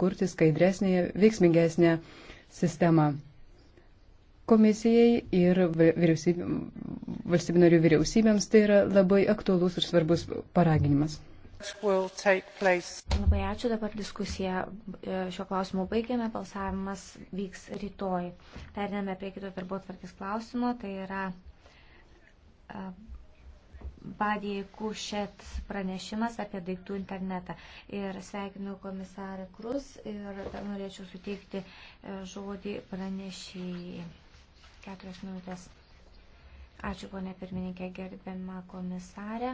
kurti skaidresnį, veiksmingesnę sistemą. Komisijai ir valstybinarių vyriausybėms tai yra labai aktuolus ir svarbus paraginimas. Labai ačiū, dabar diskusiją e, šio klausimu baigėme, balsavimas vyks rytoj. Perdėme prie kito darbo tvarkės klausimo, tai yra e, Badijai Kušet pranešimas apie daiktų internetą. Ir sveikinu komisarą Krus ir norėčiau suteikti e, žodį pranešėjai. Keturias minutės. Ačiū, ponė pirmininkė, gerbiama komisarė.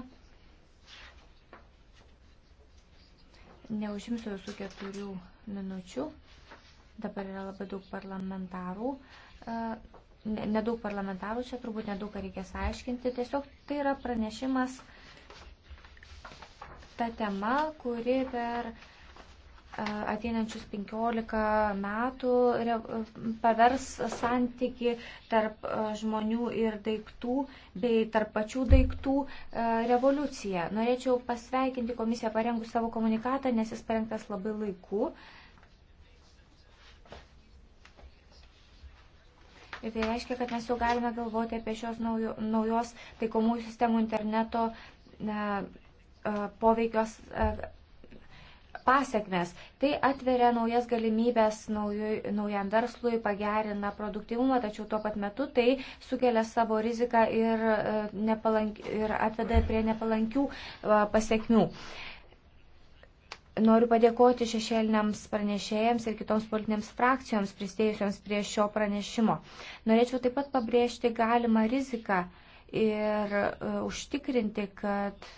Neužimsiu visų keturių minučių. Dabar yra labai daug parlamentarų e, nedaug parlamentarų čia, turbūt nedaug ką reikės aiškinti. Tiesiog tai yra pranešimas ta tema, kuri per ateinančius 15 metų pavers santyki tarp žmonių ir daiktų bei tarp pačių daiktų revoliuciją. Norėčiau pasveikinti komisiją parengus savo komunikatą, nes jis parengtas labai laiku. Ir tai reiškia, kad mes jau galime galvoti apie šios naujo, naujos taikomųjų sistemų interneto na, poveikios pasiekmes. Tai atveria naujas galimybės naujui, naujam verslui, pagerina produktivumą, tačiau tuo pat metu tai sukelia savo riziką ir, e, nepalank, ir atveda prie nepalankių pasiekmių. Uh, Noriu padėkoti šešėliniams pranešėjams ir kitoms politinėms frakcijoms pristėjusiams prie šio pranešimo. Norėčiau taip pat pabrėžti galimą riziką ir uh, užtikrinti, kad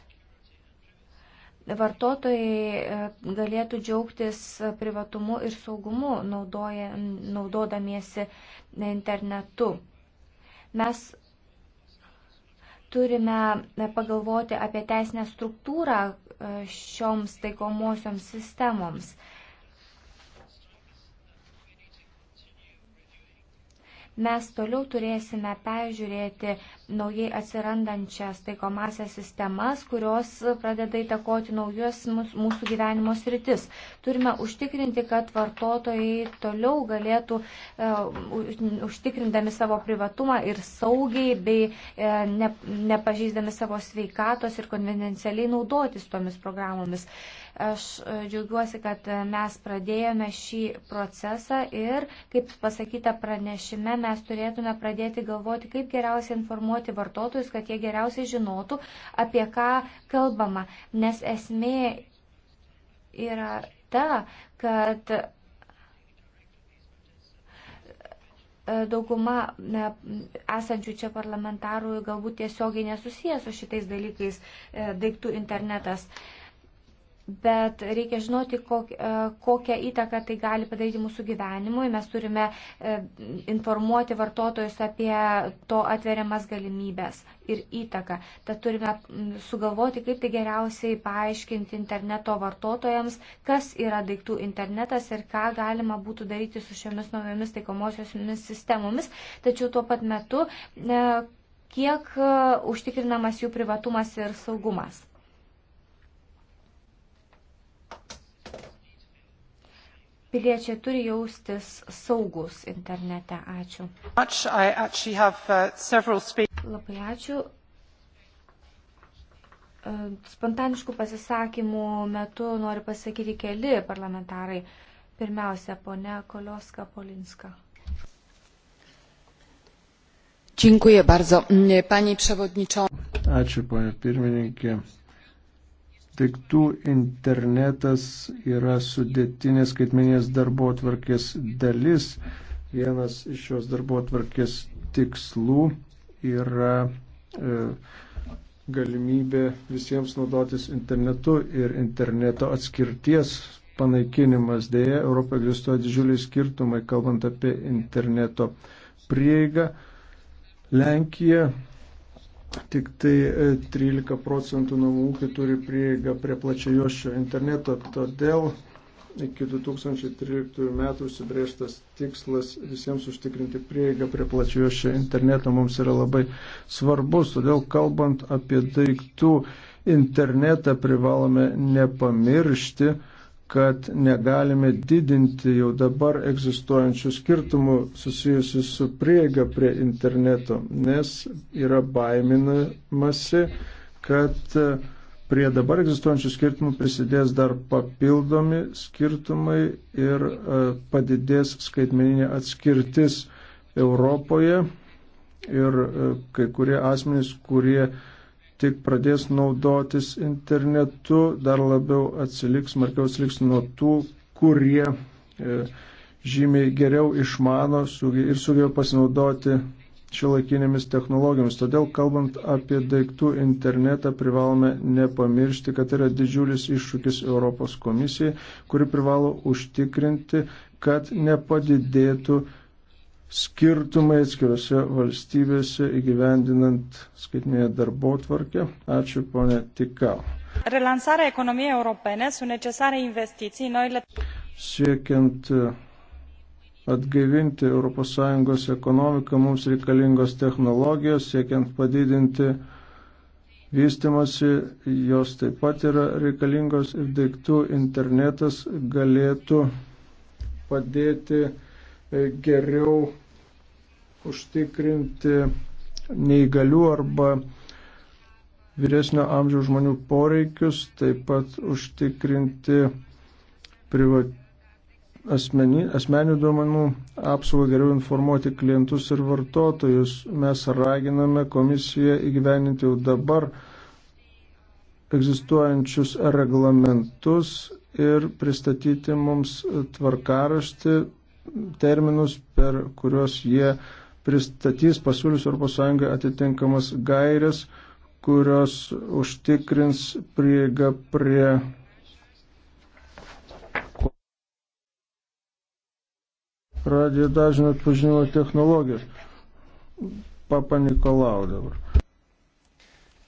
vartotojai e, galėtų džiaugtis privatumu ir saugumu naudoja, naudodamiesi internetu. Mes turime e, pagalvoti apie teisinę struktūrą e, šioms taikomosioms sistemoms. Mes toliau turėsime peržiūrėti naujai atsirandančias taikomasias sistemas, kurios pradeda įtakoti naujus mūsų gyvenimo sritis. Turime užtikrinti, kad vartotojai toliau galėtų, e, užtikrindami savo privatumą ir saugiai, bei e, nepažeisdami savo sveikatos ir konvencialiai naudotis tomis programomis. Aš e, džiaugiuosi, kad e, mes pradėjome šį procesą ir, kaip pasakyta pranešime, mes turėtume pradėti galvoti, kaip geriausiai informuoti vartotojus, kad jie geriausiai žinotų, apie ką kalbama. Nes esmė yra ta, kad e, dauguma esančių čia parlamentarų galbūt tiesiogiai nesusijęs su šitais dalykais daiktų internetas bet reikia žinoti, e, kokią įtaką tai gali padaryti mūsų gyvenimui. Mes turime e, informuoti vartotojus apie to atveriamas galimybės ir įtaką. Tad turime sugalvoti, kaip tai geriausiai paaiškinti interneto vartotojams, kas yra daiktų internetas ir ką galima būtų daryti su šiomis naujomis taikomosiomis sistemomis. Tačiau tuo pat metu, e, kiek užtikrinamas jų privatumas ir saugumas. piliečiai turi jaustis saugus internete. Ačiū. Uh, Labai ačiū. E, spontaniškų pasisakymų metu nori pasakyti keli parlamentarai. Pirmiausia, ponia Kolioska Polinska. Dziękuję bardzo. Pani przewodnicząca. Ačiū, ponia pirmininkė daiktų internetas yra sudėtinės skaitmeninės darbo atvarkės dalis. Vienas iš šios darbo atvarkės tikslų yra e, galimybė visiems naudotis internetu ir interneto atskirties panaikinimas. Deja, Europoje egzistuoja didžiuliai skirtumai, kalbant apie interneto prieigą. Lenkija Tik tai 13 e, procentų namų ūkių turi prieigą prie plačiajošio interneto, todėl iki 2013 metų užsibrėžtas tikslas visiems užtikrinti prieigą prie plačiajošio interneto mums yra labai svarbus, todėl kalbant apie daiktų internetą privalome nepamiršti, kad negalime didinti jau dabar egzistuojančių skirtumų susijusių su prieiga prie interneto, nes yra baiminamasi, kad e, prie dabar egzistuojančių skirtumų prisidės dar papildomi skirtumai ir e, padidės skaitmeninė atskirtis Europoje ir e, kai kurie asmenys, kurie tik pradės naudotis internetu, dar labiau atsiliks, markiau atsiliks nuo tų, kurie e, žymiai geriau išmano suge, ir sugeba pasinaudoti šiuolaikinėmis technologijomis. Todėl, kalbant apie daiktų internetą, privalome nepamiršti, kad tai yra didžiulis iššūkis Europos komisijai, kuri privalo užtikrinti, kad nepadidėtų skirtumai atskirose valstybėse įgyvendinant skaitinėje darbo tvarkę. Ačiū, ponė Tikau. Relansarea ekonomiei europene sunt necesare investiții noile. Siekiant e, atgaivinti ES ekonomiką mums reikalingos technologijos, siekiant padidinti vystimasi, jos taip pat yra reikalingos ir daiktų internetas galėtų padėti E, geriau užtikrinti neįgalių arba vyresnio amžiaus žmonių poreikius, taip pat užtikrinti priva... asmeni... asmenių duomenų apsaugą, geriau informuoti klientus ir vartotojus. Mes raginame komisiją įgyveninti jau dabar egzistuojančius reglamentus ir pristatyti mums tvarkaraštį terminus, per kuriuos jie pristatys pasiūlius ES atitinkamas gairias, kurios užtikrins prieigą prie radio dažnio atpažinimo technologijos. Παπα Νικολάου τώρα.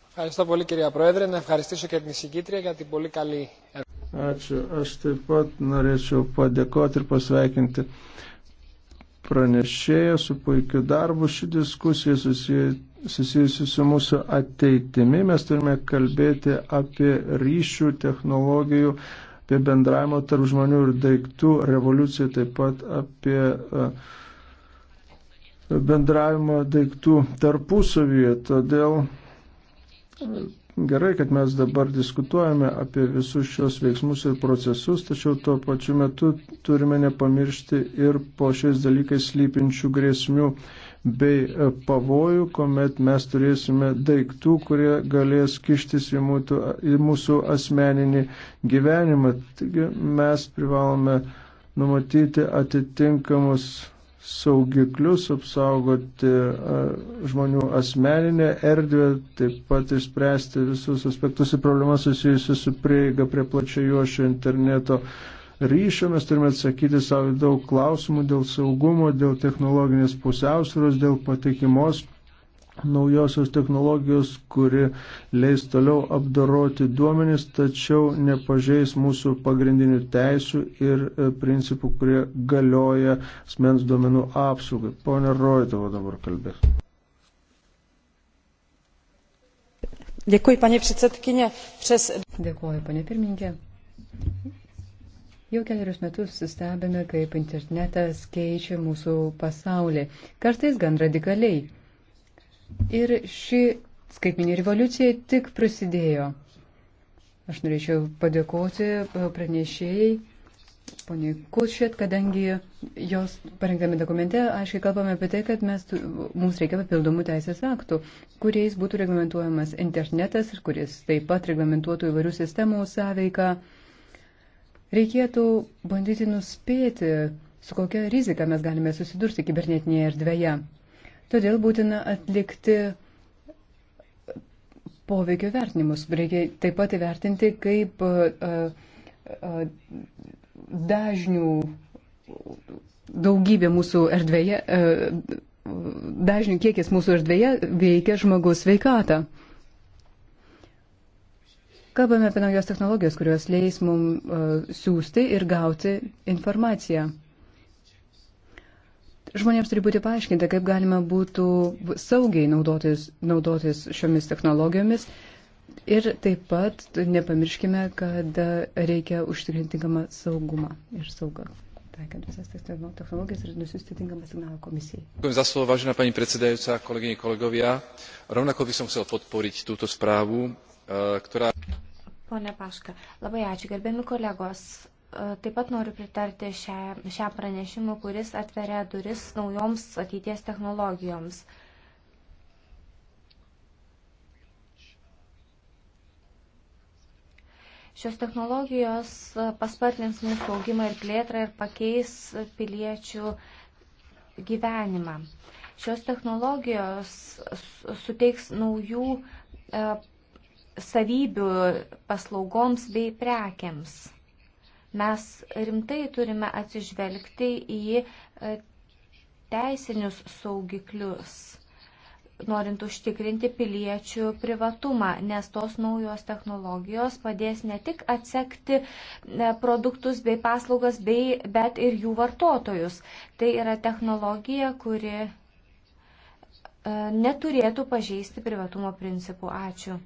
Ευχαριστώ πολύ κυρία Πρόεδρε. Να ευχαριστήσω και την εισηγήτρια για την πολύ καλή εργασία. Ačiū. Aš taip pat norėčiau padėkoti ir pasveikinti pranešėją su puikiu darbu. Ši diskusija susijusi su mūsų ateitimi. Mes turime kalbėti apie ryšių technologijų, apie bendravimo tarp žmonių ir daiktų revoliuciją, taip pat apie e, bendravimo daiktų tarpusavyje. Todėl Gerai, kad mes dabar diskutuojame apie visus šios veiksmus ir procesus, tačiau tuo pačiu metu turime nepamiršti ir po šiais dalykais slypinčių grėsmių bei e, pavojų, kuomet mes turėsime daiktų, kurie galės kištis į mūsų, į mūsų asmeninį gyvenimą. Taigi mes privalome numatyti atitinkamus saugiklius, apsaugoti žmonių asmeninę erdvę, taip pat išspręsti visus aspektus ir problemas susijusius su prieiga prie plačiajuošio interneto ryšio. Mes turime atsakyti savo daug klausimų dėl saugumo, dėl technologinės pusiausvėros, dėl patikimos naujosios technologijos, kuri leis toliau apdaroti duomenis, tačiau nepažeis mūsų pagrindinių teisių ir e, principų, kurie galioja asmens duomenų apsaugai. Pone Roitovo dabar kalbės. Dėkui, panie předsedkinė. Přes... Dėkuoju, panie pirmininkė. Jau keliarius metus stebime, kaip internetas keičia mūsų pasaulį, kartais gan radikaliai. Ir ši skaitminė revoliucija tik prasidėjo. Aš norėčiau padėkoti pranešėjai, poniai Kušėt, kadangi jos parengtame dokumente aiškiai kalbame apie tai, kad mes, mums reikia papildomų teisės aktų, kuriais būtų reglamentuojamas internetas ir kuris taip pat reglamentuotų įvairių sistemų sąveiką. Reikėtų bandyti nuspėti, su kokia rizika mes galime susidurti kibernetinėje erdvėje. Todėl būtina atlikti poveikio vertinimus. Reikia taip pat įvertinti, kaip dažnių daugybė mūsų erdvėje, dažnių kiekis mūsų erdvėje veikia žmogaus veikatą. Kalbame apie naujas technologijas, kurios leis mums siūsti ir gauti informaciją. Žmonėms turi būti paaiškinta, kaip galima būtų saugiai naudotis, naudotis šiomis technologijomis. Ir taip pat nepamirškime, kad e, reikia užtikrinti tinkamą saugumą ir saugą. Taikant visas technologijas ir nusiųsti tinkamą signalą komisijai. Ďakujem za slovo, vážená pani predsedajúca, kolegyne, kolegovia. Rovnako by som chcel podporiť túto správu, e, ktorá... Pone Paška, labai ačiū, gerbiami kolegos. Taip pat noriu pritarti šią, šią pranešimą, kuris atveria duris naujoms ateities technologijoms. Šios technologijos paspartins mūsų augimą ir plėtrą ir pakeis piliečių gyvenimą. Šios technologijos suteiks naujų e, savybių paslaugoms bei prekiams. Mes rimtai turime atsižvelgti į e, teisinius saugiklius, norint užtikrinti piliečių privatumą, nes tos naujos technologijos padės ne tik atsekti e, produktus bei paslaugas, bei, bet ir jų vartotojus. Tai yra technologija, kuri e, neturėtų pažeisti privatumo principų. Ačiū.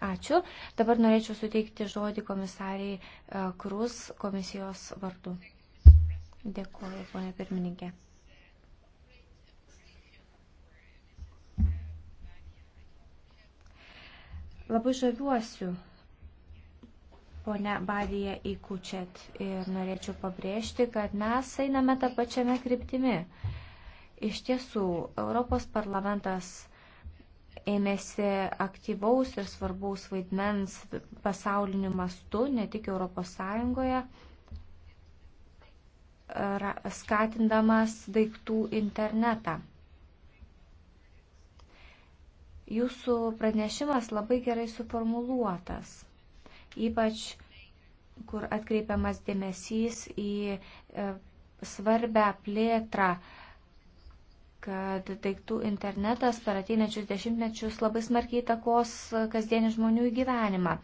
Ačiū. Dabar norėčiau suteikti žodį komisariai e, Krus komisijos vardu. Dėkuoju, ponė pirmininkė. Labai žaviuosiu ponia Badija įkučet ir norėčiau pabrėžti, kad mes einame tą pačiame kryptimi. Iš tiesų, Europos parlamentas ėmėsi aktyvaus ir svarbaus vaidmens pasauliniu mastu, ne tik ES, skatindamas daiktų internetą. Jūsų pranešimas labai gerai suformuluotas, ypač kur atkreipiamas dėmesys į e, svarbę plėtrą kad daiktų internetas per ateinačius dešimtmečius labai smarkiai įtakos kasdienį žmonių gyvenimą.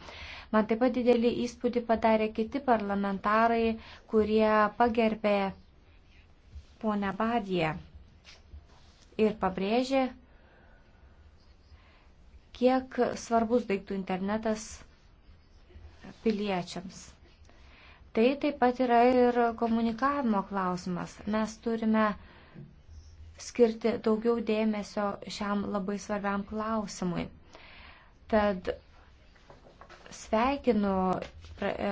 Man taip pat didelį įspūdį padarė kiti parlamentarai, kurie pagerbė ponę Badiją ir pabrėžė, kiek svarbus daiktų internetas piliečiams. Tai taip pat yra ir komunikavimo klausimas. Mes turime skirti daugiau dėmesio šiam labai svarbiam klausimui. Tad sveikinu e,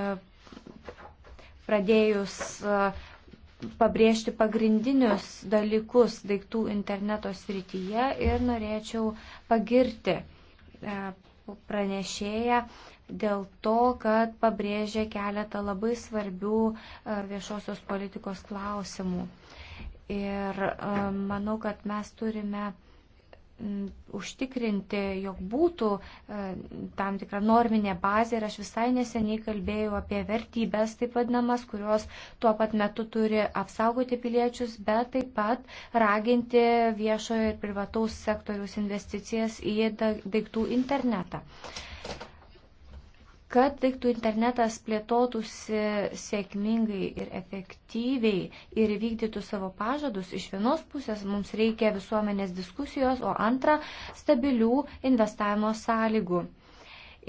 pradėjus e, pabrėžti pagrindinius dalykus daiktų interneto srityje ir norėčiau pagirti e, pranešėją dėl to, kad pabrėžė keletą labai svarbių viešosios politikos klausimų. Ir e, manau, kad mes turime užtikrinti, jog būtų e, tam tikra norminė bazė ir aš visai neseniai kalbėjau apie vertybės, taip vadinamas, kurios tuo pat metu turi apsaugoti piliečius, bet taip pat raginti viešojo ir privataus sektoriaus investicijas į daiktų internetą. Kad daiktų internetas plėtotųsi sėkmingai ir efektyviai ir vykdytų savo pažadus, iš vienos pusės mums reikia visuomenės diskusijos, o antra - stabilių investavimo sąlygų.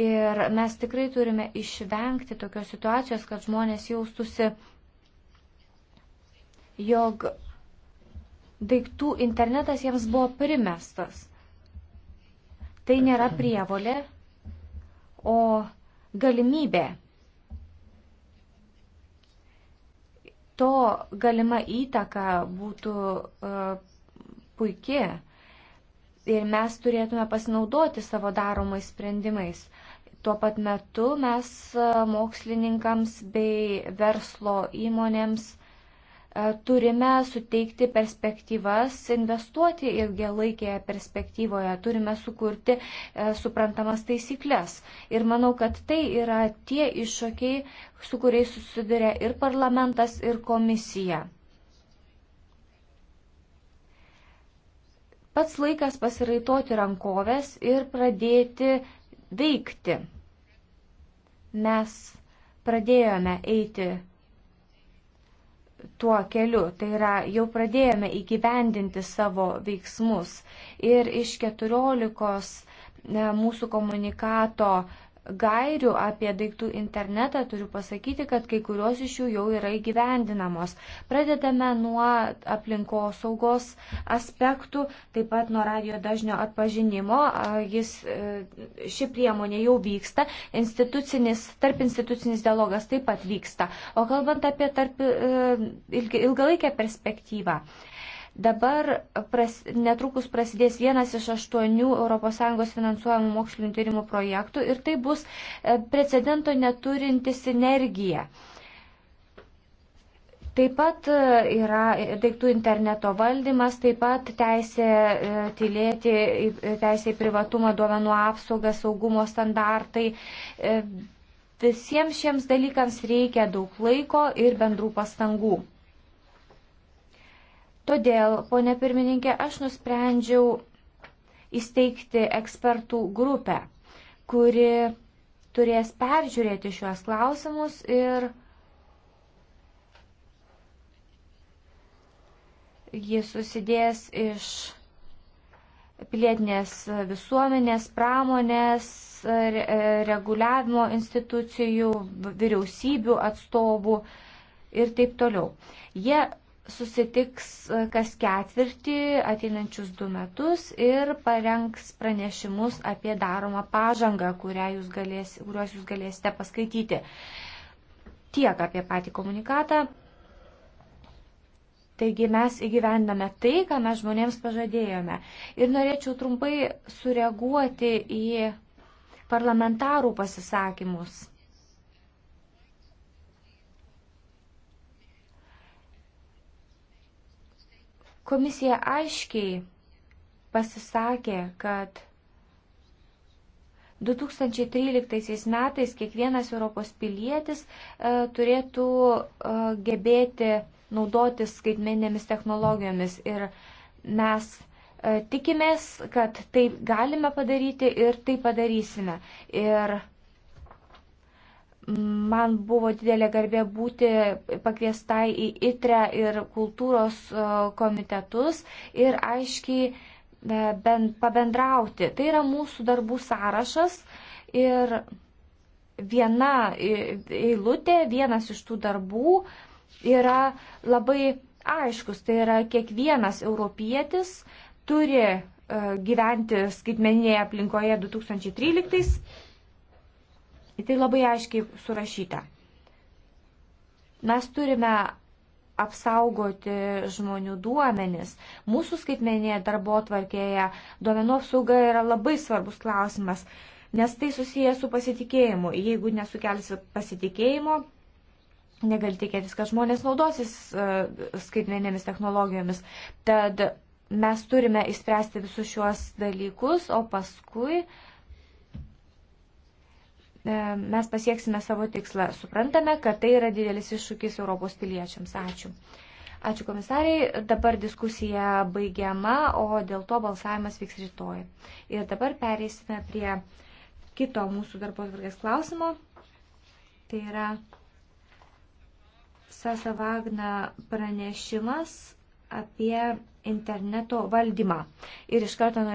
Ir mes tikrai turime išvengti tokios situacijos, kad žmonės jaustusi, jog daiktų internetas jiems buvo primestas. Tai nėra prievolė, o galimybė. To galima įtaka būtų uh, e, puikia ir mes turėtume pasinaudoti savo daromais sprendimais. Tuo pat metu mes e, mokslininkams bei verslo įmonėms uh, E, turime suteikti perspektyvas, investuoti ilgelaikėje perspektyvoje, turime sukurti e, suprantamas taisyklės. Ir manau, kad tai yra tie iššūkiai, su kuriais susiduria ir parlamentas, ir komisija. Pats laikas pasiraitoti rankovės ir pradėti veikti. Mes pradėjome eiti tuo keliu. Tai yra, jau pradėjome įgyvendinti savo veiksmus ir iš keturiolikos e, mūsų komunikato uh, gairių apie daiktų internetą, turiu pasakyti, kad kai kurios iš jų jau yra įgyvendinamos. Pradedame nuo aplinkosaugos aspektų, taip pat nuo radio dažnio atpažinimo. Jis, e, ši priemonė jau vyksta, institucinis, tarp institucinis dialogas taip pat vyksta. O kalbant apie tarp e, ilgalaikę perspektyvą. Dabar pras, netrukus prasidės vienas iš aštuonių ES finansuojamų mokslinių tyrimų projektų ir tai bus e, precedento neturinti sinergija. Taip pat e, yra daiktų interneto valdymas, taip pat teisė e, tylėti, teisė į privatumą, duomenų apsaugą, saugumo standartai. Visiems šiems dalykams reikia daug laiko ir bendrų pastangų. Todėl, ponė pirmininkė, aš nusprendžiau įsteigti ekspertų grupę, kuri turės peržiūrėti šiuos klausimus ir jis susidės iš pilietinės visuomenės, pramonės, reguliavimo institucijų, vyriausybių atstovų ir taip toliau. Jie susitiks e, kas ketvirtį ateinančius du metus ir parengs pranešimus apie daromą pažangą, jūs galės, kuriuos jūs galėsite paskaityti. Tiek apie patį komunikatą. Taigi mes įgyvendame tai, ką mes žmonėms pažadėjome. Ir norėčiau trumpai sureaguoti į parlamentarų pasisakymus. Komisija aiškiai pasisakė, kad 2013 metais kiekvienas Europos pilietis e, turėtų e, gebėti naudotis skaitmeninėmis technologijomis ir mes e, tikimės, kad taip galime padaryti ir tai padarysime. Ir Man buvo didelė garbė būti pakviestai į ITRE ir kultūros e, komitetus ir aiškiai e, ben, pabendrauti. Tai yra mūsų darbų sąrašas ir viena eilutė, vienas iš tų darbų yra labai aiškus. Tai yra kiekvienas europietis turi e, gyventi skaitmeninėje aplinkoje 2013 Tai labai aiškiai surašyta. Mes turime apsaugoti žmonių duomenis. Mūsų skaitmenėje darbo tvarkėje duomenų apsauga yra labai svarbus klausimas, nes tai susijęs su pasitikėjimu. Jeigu nesukelsi pasitikėjimo, negali tikėtis, kad žmonės naudosis e, skaitmenėmis technologijomis. Tad mes turime išspręsti visus šiuos dalykus, o paskui uh, E, mes pasieksime savo tikslą. Suprantame, kad tai yra didelis iššūkis Europos piliečiams. Ačiū. Ačiū komisariai. Dabar diskusija baigiama, o dėl to balsavimas vyks rytoj. Ir dabar pereisime prie kito mūsų darbos vargės klausimo. Tai yra Sasa Vagna pranešimas apie interneto valdymą. Ir iš karto norėčiau.